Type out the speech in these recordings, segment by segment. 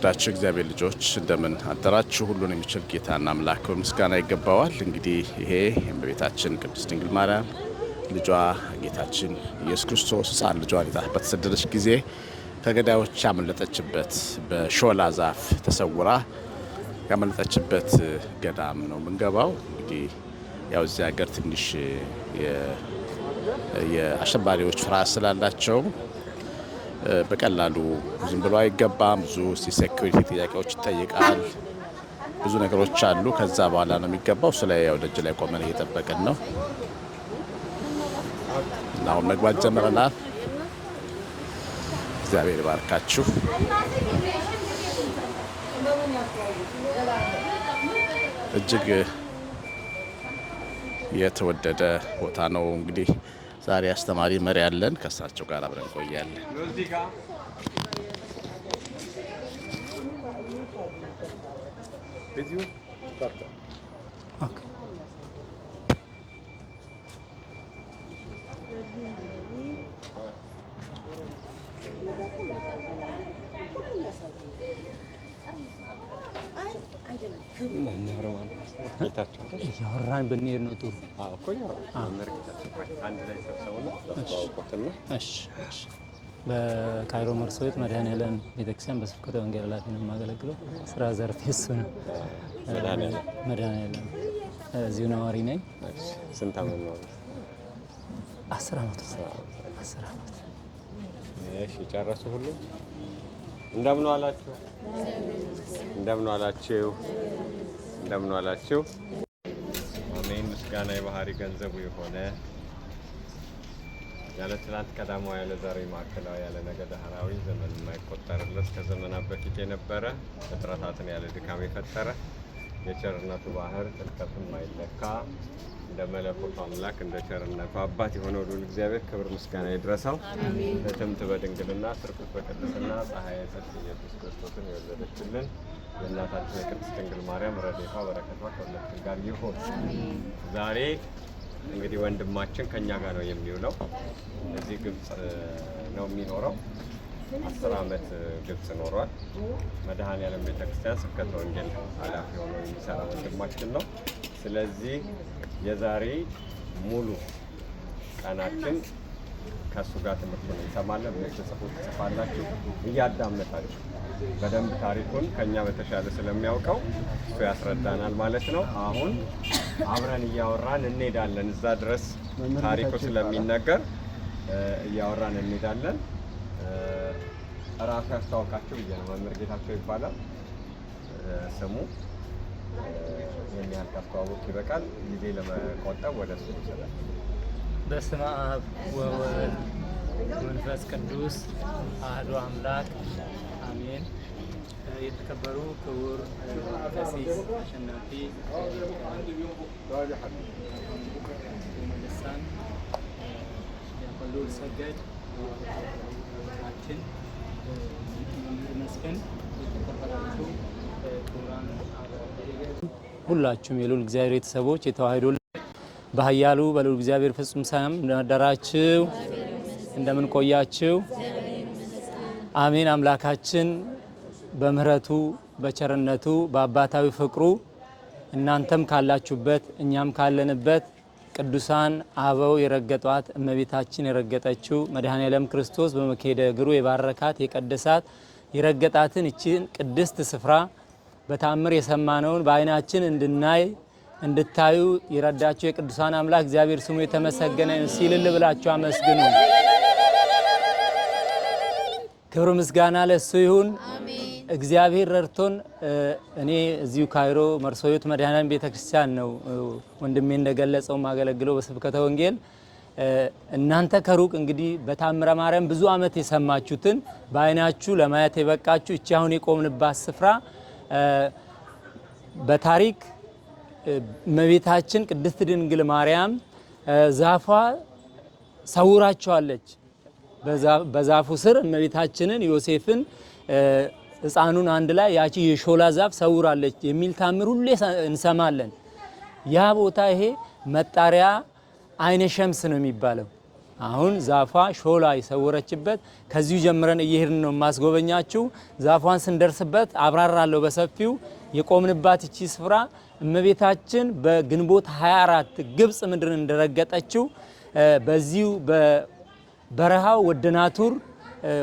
ወዳችሁ እግዚአብሔር ልጆች እንደምን አደራችሁ። ሁሉን የሚችል ጌታና አምላክ ምስጋና ይገባዋል። እንግዲህ ይሄ እመቤታችን ቅድስት ድንግል ማርያም ልጇ ጌታችን ኢየሱስ ክርስቶስ ሕፃን ልጇን ይዛ በተሰደደች ጊዜ ከገዳዮች ያመለጠችበት በሾላ ዛፍ ተሰውራ ያመለጠችበት ገዳም ነው የምንገባው። እንግዲህ ያው እዚህ ሀገር ትንሽ የአሸባሪዎች ፍርሃት ስላላቸው በቀላሉ ዝም ብሎ አይገባም። ብዙ ሴኩሪቲ ጥያቄዎች ይጠይቃል። ብዙ ነገሮች አሉ። ከዛ በኋላ ነው የሚገባው። እሱ ላይ ያው ደጅ ላይ ቆመን እየጠበቅን ነው። አሁን መግባት ጀምረናል። እግዚአብሔር ይባርካችሁ። እጅግ የተወደደ ቦታ ነው እንግዲህ ዛሬ አስተማሪ መሪ ያለን ከእሳቸው ጋር አብረን ቆያለን። እያወራን ብንሄድ ነው ጥሩ። በካይሮ መርሶ ቤት መድኃኔዓለም ቤተክርስቲያን በስብከተ ወንጌል ኃላፊ ነው የማገለግለው። ስራ ዘርፌ እሱ ነው። መድኃኔዓለም እዚሁ ነዋሪ ነኝ። ስንት ዓመት ነው? አስር አስር ዓመት ጨረሱ ሁሉ እንደምን ዋላችሁ፣ እንደምን ዋላችሁ፣ እንደምን ዋላችሁ። አሜን። ምስጋና የባህሪ ገንዘቡ የሆነ ያለ ትናንት ቀዳማዊ ያለ ዛሬ ማዕከላዊ ያለ ነገ ዳህራዊ ዘመን የማይቆጠርለት ከዘመናት በፊት የነበረ ፍጥረታትን ያለ ድካም የፈጠረ የቸርነቱ ባህር ጥልቀቱ ማይለካ። እንደ መለኮቱ አምላክ እንደ ቸርነቱ አባት የሆነው ልዑል እግዚአብሔር ክብር ምስጋና ይድረሰው። በትምት በድንግልና ፍርቅት በቅድስና ፀሐይ ጽድቅ ኢየሱስ ክርስቶስን የወለደችልን የእናታችን የቅድስት ድንግል ማርያም ረድኤቷ በረከቷ ከሁላችን ጋር ይሆን። ዛሬ እንግዲህ ወንድማችን ከእኛ ጋር ነው የሚውለው። እዚህ ግብፅ ነው የሚኖረው። አስር ዓመት ግብፅ ኖሯል። መድኃኔዓለም ቤተክርስቲያን ስብከተ ወንጌል ኃላፊ ሆኖ የሚሰራ ወንድማችን ነው። ስለዚህ የዛሬ ሙሉ ቀናችን ከእሱ ጋር ትምህርቱን እንሰማለን። ጽፉ ትጽፋላችሁ፣ እያዳመጣችሁ በደንብ ታሪኩን ከኛ በተሻለ ስለሚያውቀው እሱ ያስረዳናል ማለት ነው። አሁን አብረን እያወራን እንሄዳለን። እዛ ድረስ ታሪኩ ስለሚነገር እያወራን እንሄዳለን። ራሱ ያስታወቃቸው ብዬ ነው። መምህር ጌታቸው ይባላል ስሙ። የሚያህል ይበቃል። ጊዜ ለመቆጠብ ወደ እሱ ይችላል። በስመ አብ ወወልድ መንፈስ ቅዱስ አህዶ አምላክ አሜን። የተከበሩ ክቡር ቀሲስ አሸናፊ መለሳን ያቆሎል ሰገድ ችን መስፍን የተከበራችሁ ክቡራን ሁላችሁም የልዑል እግዚአብሔር ቤተሰቦች የተዋህዶ በኃያሉ በልዑል እግዚአብሔር ፍጹም ሰላም እንዳደራችሁ እንደምን ቆያችሁ? አሜን። አምላካችን በምሕረቱ በቸርነቱ በአባታዊ ፍቅሩ እናንተም ካላችሁበት እኛም ካለንበት ቅዱሳን አበው የረገጧት እመቤታችን የረገጠችው መድኃኔዓለም ክርስቶስ በመካሄደ እግሩ የባረካት የቀደሳት የረገጣትን ይችን ቅድስት ስፍራ በታምር የሰማነውን በአይናችን እንድናይ እንድታዩ የረዳቸው የቅዱሳን አምላክ እግዚአብሔር ስሙ የተመሰገነ ሲልል ብላችሁ አመስግኑ። ክብር ምስጋና ለሱ ይሁን። እግዚአብሔር ረድቶን እኔ እዚሁ ካይሮ መርሶዮት ሕይወት ቤተ ክርስቲያን ነው ወንድሜ እንደገለጸው ማገለግለው በስብከተ ወንጌል። እናንተ ከሩቅ እንግዲህ በታምረ ማርያም ብዙ ዓመት የሰማችሁትን በአይናችሁ ለማየት የበቃችሁ እቺ አሁን የቆምንባት ስፍራ በታሪክ እመቤታችን ቅድስት ድንግል ማርያም ዛፏ ሰውራቸዋለች። በዛፉ ስር እመቤታችንን ዮሴፍን ሕፃኑን አንድ ላይ ያቺ የሾላ ዛፍ ሰውራለች የሚል ታምር ሁሌ እንሰማለን። ያ ቦታ ይሄ መጣሪያ አይነ ሸምስ ነው የሚባለው። አሁን ዛፏ ሾላ የሰወረችበት ከዚሁ ጀምረን እየሄድን ነው የማስጎበኛችሁ። ዛፏን ስንደርስበት አብራራለሁ በሰፊው። የቆምንባት እቺ ስፍራ እመቤታችን በግንቦት 24 ግብጽ ምድርን እንደረገጠችው በዚሁ በበረሃው ወደናቱር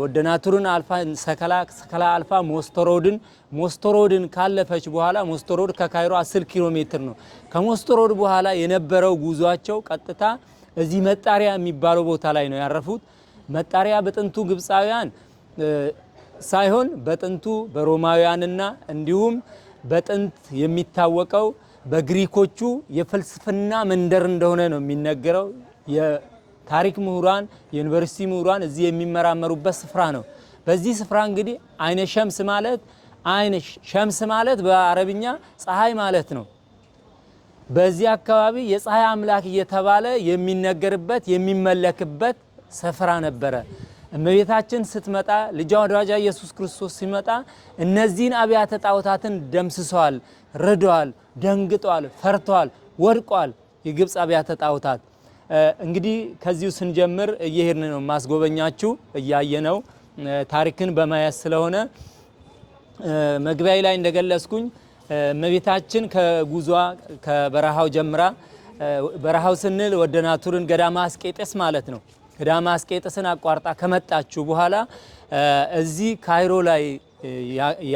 ወደናቱርን አልፋ ሰከላ ሰከላ አልፋ ሞስተሮድን ሞስተሮድን ካለፈች በኋላ ሞስተሮድ ከካይሮ 10 ኪሎ ሜትር ነው። ከሞስተሮድ በኋላ የነበረው ጉዟቸው ቀጥታ እዚህ መጣሪያ የሚባለው ቦታ ላይ ነው ያረፉት። መጣሪያ በጥንቱ ግብፃውያን ሳይሆን በጥንቱ በሮማውያንና እንዲሁም በጥንት የሚታወቀው በግሪኮቹ የፍልስፍና መንደር እንደሆነ ነው የሚነገረው። የታሪክ ምሁራን፣ የዩኒቨርሲቲ ምሁራን እዚህ የሚመራመሩበት ስፍራ ነው። በዚህ ስፍራ እንግዲህ አይነ ሸምስ ማለት አይነ ሸምስ ማለት በአረብኛ ፀሐይ ማለት ነው። በዚህ አካባቢ የፀሐይ አምላክ እየተባለ የሚነገርበት የሚመለክበት ስፍራ ነበረ። እመቤታችን ስትመጣ ልጇ ወዳጇ ኢየሱስ ክርስቶስ ሲመጣ እነዚህን አብያተ ጣዖታትን ደምስሰዋል፣ ርደዋል፣ ደንግጠዋል፣ ፈርተዋል፣ ወድቋል። የግብፅ አብያተ ጣዖታት እንግዲህ ከዚሁ ስንጀምር እየሄድን ነው ማስጎበኛችሁ ነው ታሪክን በማየት ስለሆነ መግቢያ ላይ እንደገለጽኩኝ እመቤታችን ከጉዟ ከበረሃው ጀምራ በረሃው ስንል ወደ ናቱርን ገዳማ አስቄጥስ ማለት ነው። ገዳማ አስቄጥስን አቋርጣ ከመጣችሁ በኋላ እዚህ ካይሮ ላይ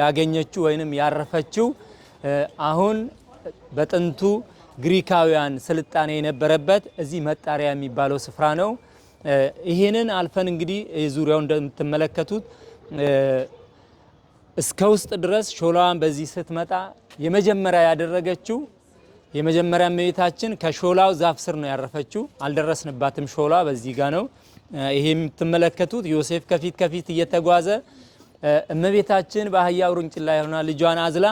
ያገኘችው ወይንም ያረፈችው አሁን በጥንቱ ግሪካውያን ስልጣኔ የነበረበት እዚህ መጣሪያ የሚባለው ስፍራ ነው። ይህንን አልፈን እንግዲህ ዙሪያው እንደምትመለከቱት እስከ ውስጥ ድረስ ሾላዋን በዚህ ስትመጣ የመጀመሪያ ያደረገችው የመጀመሪያ እመቤታችን ከሾላው ዛፍ ስር ነው ያረፈችው። አልደረስንባትም። ሾላ በዚህ ጋ ነው። ይሄ የምትመለከቱት ዮሴፍ ከፊት ከፊት እየተጓዘ እመቤታችን በአህያ ውርንጭላ ሆና ልጇን አዝላ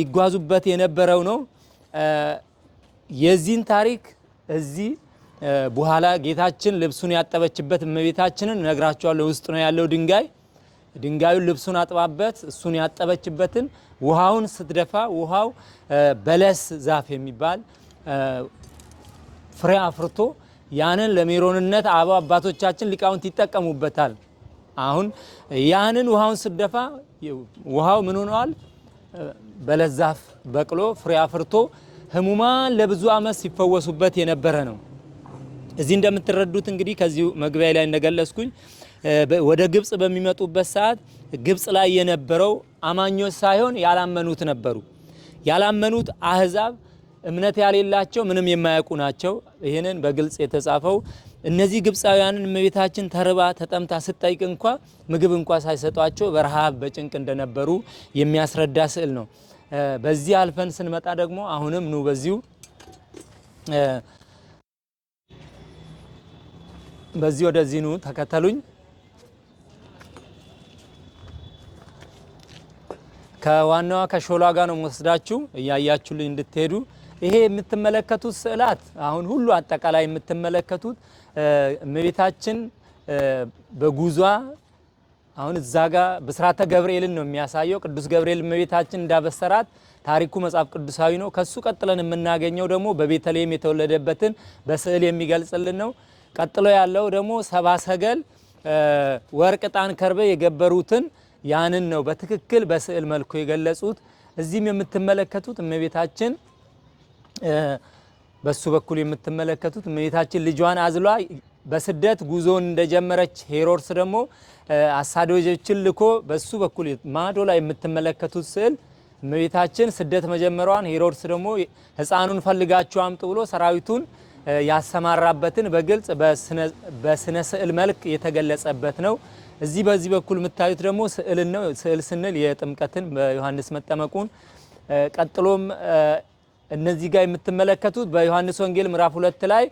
ይጓዙበት የነበረው ነው። የዚህን ታሪክ እዚህ በኋላ ጌታችን ልብሱን ያጠበችበት እመቤታችንን ነግራቸዋለሁ። ውስጥ ነው ያለው ድንጋይ ድንጋዩን ልብሱን አጥባበት እሱን ያጠበችበትን ውሃውን ስትደፋ ውሃው በለስ ዛፍ የሚባል ፍሬ አፍርቶ ያንን ለሜሮንነት አበው አባቶቻችን ሊቃውንት ይጠቀሙበታል። አሁን ያንን ውሃውን ስትደፋ ውሃው ምን ሆነዋል? በለስ ዛፍ በቅሎ ፍሬ አፍርቶ ህሙማን ለብዙ ዓመት ሲፈወሱበት የነበረ ነው። እዚህ እንደምትረዱት እንግዲህ ከዚሁ መግቢያ ላይ እንደገለጽኩኝ ወደ ግብጽ በሚመጡበት ሰዓት ግብጽ ላይ የነበረው አማኞች ሳይሆን ያላመኑት ነበሩ። ያላመኑት አህዛብ እምነት ያሌላቸው ምንም የማያውቁ ናቸው። ይህንን በግልጽ የተጻፈው እነዚህ ግብፃውያንን እመቤታችን ተርባ ተጠምታ ስጠይቅ እንኳ ምግብ እንኳ ሳይሰጧቸው በረሃብ በጭንቅ እንደነበሩ የሚያስረዳ ስዕል ነው። በዚህ አልፈን ስንመጣ ደግሞ አሁንም ኑ በዚሁ በዚህ ወደዚህ ኑ ተከተሉኝ። ከዋናዋ ከሾላ ጋር ነው ወስዳችሁ እያያችሁልኝ እንድትሄዱ። ይሄ የምትመለከቱት ስዕላት አሁን ሁሉ አጠቃላይ የምትመለከቱት እመቤታችን በጉዟ አሁን እዛ ጋር ብስራተ ገብርኤልን ነው የሚያሳየው። ቅዱስ ገብርኤል እመቤታችን እንዳበሰራት ታሪኩ መጽሐፍ ቅዱሳዊ ነው። ከሱ ቀጥለን የምናገኘው ደግሞ በቤተልሔም የተወለደበትን በስዕል የሚገልጽልን ነው። ቀጥሎ ያለው ደግሞ ሰባ ሰገል ወርቅ፣ ዕጣን፣ ከርቤ የገበሩትን ያንን ነው በትክክል በስዕል መልኩ የገለጹት። እዚህም የምትመለከቱት እመቤታችን በሱ በኩል የምትመለከቱት እመቤታችን ልጇን አዝሏ በስደት ጉዞን እንደጀመረች ሄሮድስ ደግሞ አሳዶጆችን ልኮ በሱ በኩል ማዶ ላይ የምትመለከቱት ስዕል እመቤታችን ስደት መጀመሯን ሄሮድስ ደግሞ ሕፃኑን ፈልጋችሁ አምጡ ብሎ ሰራዊቱን ያሰማራበትን በግልጽ በስነ ስዕል መልክ የተገለጸበት ነው። እዚህ በዚህ በኩል የምታዩት ደግሞ ስዕልን ነው። ስዕል ስንል የጥምቀትን በዮሐንስ መጠመቁን ቀጥሎም እነዚህ ጋር የምትመለከቱት በዮሐንስ ወንጌል ምዕራፍ ሁለት ላይ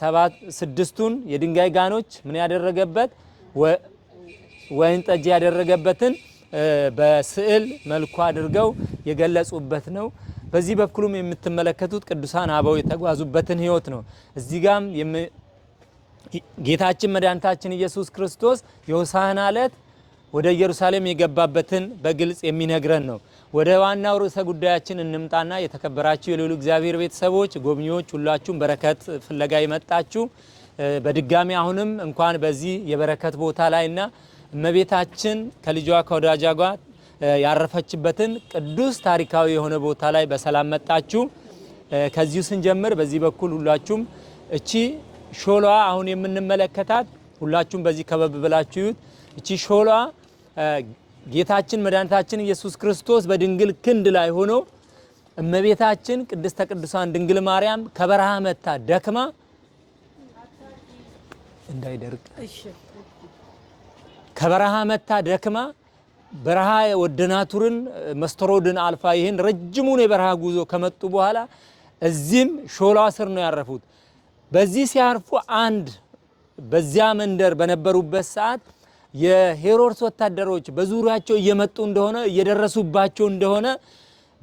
ሰባት ስድስቱን የድንጋይ ጋኖች ምን ያደረገበት ወይን ጠጅ ያደረገበትን በስዕል መልኩ አድርገው የገለጹበት ነው። በዚህ በኩልም የምትመለከቱት ቅዱሳን አበው የተጓዙበትን ህይወት ነው። እዚህ ጋም ጌታችን መድኃኒታችን ኢየሱስ ክርስቶስ የሆሳዕና ዕለት ወደ ኢየሩሳሌም የገባበትን በግልጽ የሚነግረን ነው። ወደ ዋናው ርዕሰ ጉዳያችን እንምጣና የተከበራችሁ የልዑል እግዚአብሔር ቤተሰቦች፣ ጎብኚዎች ሁላችሁም በረከት ፍለጋ የመጣችሁ በድጋሚ አሁንም እንኳን በዚህ የበረከት ቦታ ላይና እመቤታችን ከልጇ ከወዳጃ ጋር ያረፈችበትን ቅዱስ ታሪካዊ የሆነ ቦታ ላይ በሰላም መጣችሁ። ከዚሁ ስንጀምር በዚህ በኩል ሁላችሁም እቺ ሾሏ አሁን የምንመለከታት ሁላችሁም በዚህ ከበብ ብላችሁ ይዩት። እቺ ሾሏ ጌታችን መድኃኒታችን ኢየሱስ ክርስቶስ በድንግል ክንድ ላይ ሆኖ እመቤታችን ቅድስተ ቅዱሳን ድንግል ማርያም ከበረሃ መታ ደክማ እንዳይደርቅ ከበረሃ መታ ደክማ በረሃ ወደናቱርን መስተሮድን አልፋ ይህን ረጅሙን የበረሃ ጉዞ ከመጡ በኋላ እዚህም ሾሏ ስር ነው ያረፉት። በዚህ ሲያርፉ አንድ በዚያ መንደር በነበሩበት ሰዓት የሄሮድስ ወታደሮች በዙሪያቸው እየመጡ እንደሆነ እየደረሱባቸው እንደሆነ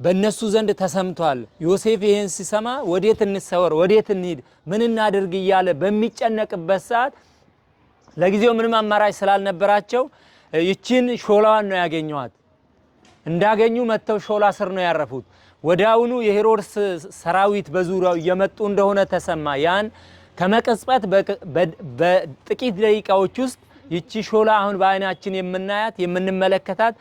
በእነሱ ዘንድ ተሰምቷል። ዮሴፍ ይህን ሲሰማ ወዴት እንሰወር፣ ወዴት እንሂድ፣ ምን እናድርግ እያለ በሚጨነቅበት ሰዓት ለጊዜው ምንም አማራጭ ስላልነበራቸው ይችን ሾላዋን ነው ያገኘዋት። እንዳገኙ መጥተው ሾላ ስር ነው ያረፉት። ወዲያውኑ የሄሮድስ ሰራዊት በዙሪያው እየመጡ እንደሆነ ተሰማ። ያን ከመቀጽበት በጥቂት ደቂቃዎች ውስጥ ይቺ ሾላ አሁን በአይናችን የምናያት የምንመለከታት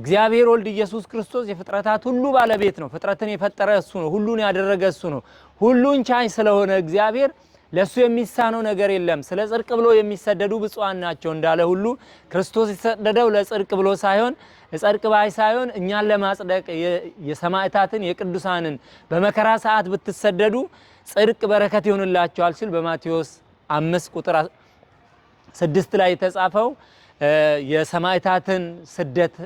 እግዚአብሔር ወልድ ኢየሱስ ክርስቶስ የፍጥረታት ሁሉ ባለቤት ነው። ፍጥረትን የፈጠረ እሱ ነው። ሁሉን ያደረገ እሱ ነው። ሁሉን ቻይ ስለሆነ እግዚአብሔር ለእሱ የሚሳነው ነገር የለም። ስለ ጽድቅ ብሎ የሚሰደዱ ብፁዓን ናቸው እንዳለ ሁሉ ክርስቶስ የተሰደደው ለጽድቅ ብሎ ሳይሆን ጽድቅ ባይ ሳይሆን እኛን ለማጽደቅ የሰማዕታትን የቅዱሳንን በመከራ ሰዓት ብትሰደዱ ጽድቅ በረከት ይሆንላቸዋል ሲል በማቴዎስ አምስት ቁጥር ስድስት ላይ የተጻፈው የሰማዕታትን ስደት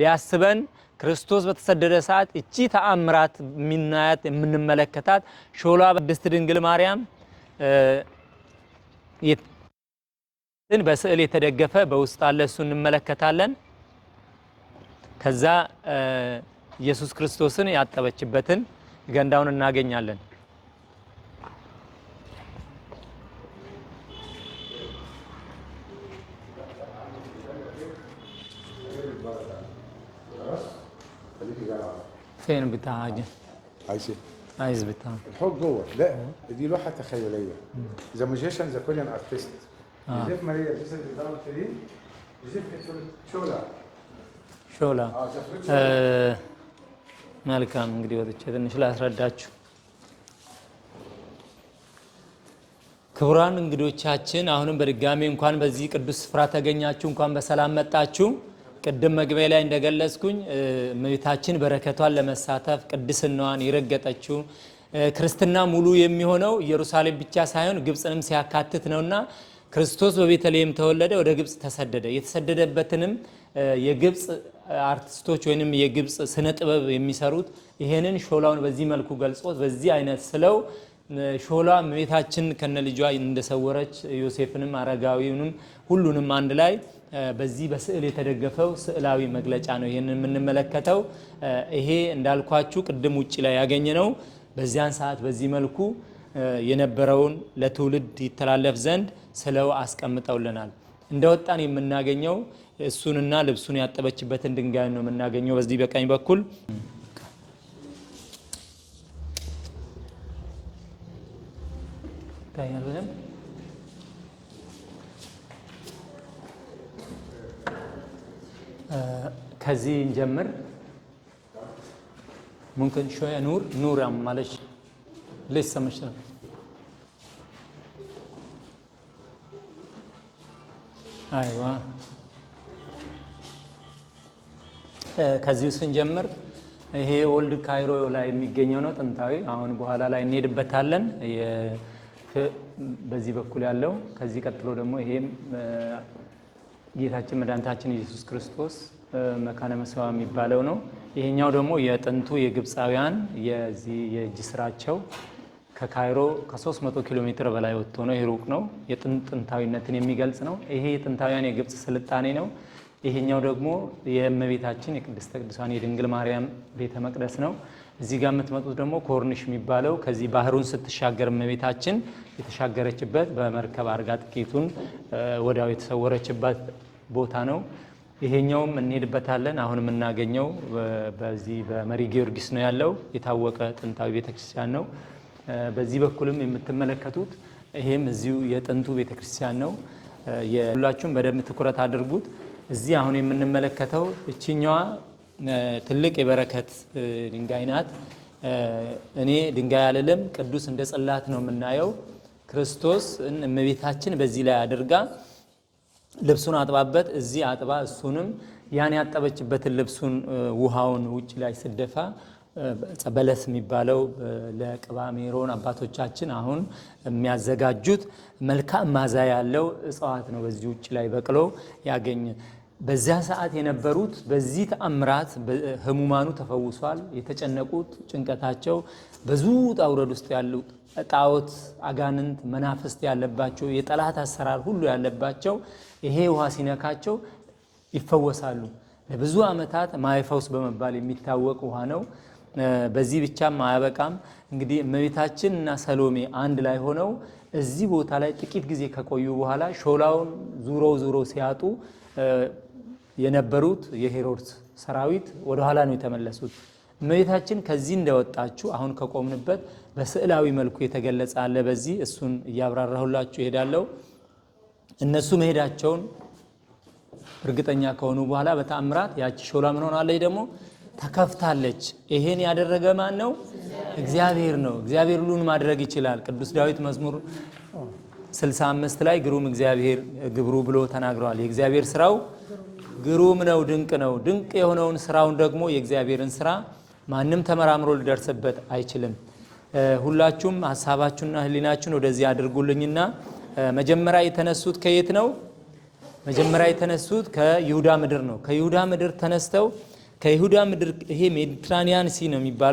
ሊያስበን ክርስቶስ በተሰደደ ሰዓት እቺ ተአምራት የሚናያት የምንመለከታት ሾሏ ቅድስት ድንግል ማርያም በስዕል የተደገፈ በውስጥ አለ። እሱ እንመለከታለን። ከዛ ኢየሱስ ክርስቶስን ያጠበችበትን ገንዳውን እናገኛለን። ፌን ብታጅ عايز بتاع الحب جوه لا دي لوحه تخيليه ذا ماجيشن ذا كوريان ارتست جوزيف ماريا جوزيف شولا ترين جوزيف شولا ሾላ መልካም እንግዲህ ወጥቼ ትንሽ ላስረዳችሁ። ክቡራን እንግዶቻችን አሁንም በድጋሚ እንኳን በዚህ ቅዱስ ስፍራ ተገኛችሁ፣ እንኳን በሰላም መጣችሁ። ቅድም መግቢያ ላይ እንደገለጽኩኝ እመቤታችን በረከቷን ለመሳተፍ ቅድስናዋን የረገጠችው ክርስትና ሙሉ የሚሆነው ኢየሩሳሌም ብቻ ሳይሆን ግብፅንም ሲያካትት ነውና ክርስቶስ በቤተልሔም ተወለደ፣ ወደ ግብፅ ተሰደደ። የተሰደደበትንም የግብፅ አርቲስቶች ወይንም የግብፅ ስነ ጥበብ የሚሰሩት ይሄንን ሾላውን በዚህ መልኩ ገልጾት በዚህ አይነት ስለው ሾላ እመቤታችን ከነልጇ እንደሰወረች ዮሴፍንም አረጋዊውንም ሁሉንም አንድ ላይ በዚህ በስዕል የተደገፈው ስዕላዊ መግለጫ ነው። ይህንን የምንመለከተው ይሄ እንዳልኳችሁ ቅድም ውጭ ላይ ያገኘ ነው። በዚያን ሰዓት በዚህ መልኩ የነበረውን ለትውልድ ይተላለፍ ዘንድ ስለው አስቀምጠውልናል። እንደወጣን የምናገኘው እሱንና ልብሱን ያጠበችበትን ድንጋይ ነው የምናገኘው በዚህ በቀኝ በኩል ይታያል በደንብ ከዚህ እንጀምር። ሙምኪን ሾየ ኑር ኑር ማለሽ ليش سمشنا አይዋ ከዚሁ ስንጀምር ይሄ ኦልድ ካይሮ ላይ የሚገኘው ነው ጥንታዊ። አሁን በኋላ ላይ እንሄድበታለን። በዚህ በኩል ያለው ከዚህ ቀጥሎ ደግሞ ይሄም ጌታችን መድኃኒታችን ኢየሱስ ክርስቶስ መካነ መሰዋ የሚባለው ነው። ይሄኛው ደግሞ የጥንቱ የግብፃውያን የዚህ የእጅ ስራቸው ከካይሮ ከ300 ኪሎ ሜትር በላይ ወጥቶ ነው። ይሄ ሩቅ ነው። የጥንታዊነትን የሚገልጽ ነው። ይሄ የጥንታውያን የግብፅ ስልጣኔ ነው። ይሄኛው ደግሞ የእመቤታችን የቅድስተ ቅዱሳን የድንግል ማርያም ቤተ መቅደስ ነው። እዚህ ጋር የምትመጡት ደግሞ ኮርኒሽ የሚባለው ከዚህ ባህሩን ስትሻገር እመቤታችን የተሻገረችበት በመርከብ አርጋ ጥቂቱን ወዲያው የተሰወረችበት ቦታ ነው። ይሄኛውም እንሄድበታለን። አሁን የምናገኘው በዚህ በመሪ ጊዮርጊስ ነው ያለው የታወቀ ጥንታዊ ቤተክርስቲያን ነው። በዚህ በኩልም የምትመለከቱት ይሄም እዚሁ የጥንቱ ቤተክርስቲያን ነው። ሁላችሁም በደንብ ትኩረት አድርጉት። እዚህ አሁን የምንመለከተው እችኛዋ ትልቅ የበረከት ድንጋይ ናት። እኔ ድንጋይ አልልም፣ ቅዱስ እንደ ጽላት ነው የምናየው። ክርስቶስ እመቤታችን በዚህ ላይ አድርጋ ልብሱን አጥባበት እዚህ አጥባ እሱንም ያን ያጠበችበትን ልብሱን ውሃውን ውጭ ላይ ስደፋ በለስ የሚባለው ለቅባሜሮን አባቶቻችን አሁን የሚያዘጋጁት መልካም ማዛ ያለው እጽዋት ነው። በዚህ ውጭ ላይ በቅሎ ያገኘ በዚያ ሰዓት የነበሩት በዚህ ተአምራት ህሙማኑ ተፈውሷል። የተጨነቁት ጭንቀታቸው ብዙ ጣውረድ ውስጥ ያሉ ጣዖት፣ አጋንንት፣ መናፍስት ያለባቸው የጠላት አሰራር ሁሉ ያለባቸው ይሄ ውሃ ሲነካቸው ይፈወሳሉ። ለብዙ ዓመታት ማይፈውስ በመባል የሚታወቅ ውሃ ነው። በዚህ ብቻም አያበቃም። እንግዲህ እመቤታችን እና ሰሎሜ አንድ ላይ ሆነው እዚህ ቦታ ላይ ጥቂት ጊዜ ከቆዩ በኋላ ሾላውን ዙሮ ዙሮ ሲያጡ የነበሩት የሄሮድስ ሰራዊት ወደኋላ ነው የተመለሱት። እመቤታችን ከዚህ እንደወጣችሁ አሁን ከቆምንበት በስዕላዊ መልኩ የተገለጸ አለ። በዚህ እሱን እያብራራሁላችሁ ይሄዳለሁ። እነሱ መሄዳቸውን እርግጠኛ ከሆኑ በኋላ በተአምራት ያቺ ሾላ ምን ሆናለች? ደግሞ ተከፍታለች። ይሄን ያደረገ ማን ነው? እግዚአብሔር ነው። እግዚአብሔር ሁሉን ማድረግ ይችላል። ቅዱስ ዳዊት መዝሙር 65 ላይ ግሩም እግዚአብሔር ግብሩ ብሎ ተናግረዋል። የእግዚአብሔር ስራው ግሩም ነው፣ ድንቅ ነው። ድንቅ የሆነውን ስራውን ደግሞ የእግዚአብሔርን ስራ ማንም ተመራምሮ ሊደርስበት አይችልም። ሁላችሁም ሀሳባችሁና ህሊናችሁን ወደዚህ አድርጉልኝና መጀመሪያ የተነሱት ከየት ነው? መጀመሪያ የተነሱት ከይሁዳ ምድር ነው። ከይሁዳ ምድር ተነስተው ከይሁዳ ምድር ይሄ ሜዲትራኒያን ሲ ነው የሚባለው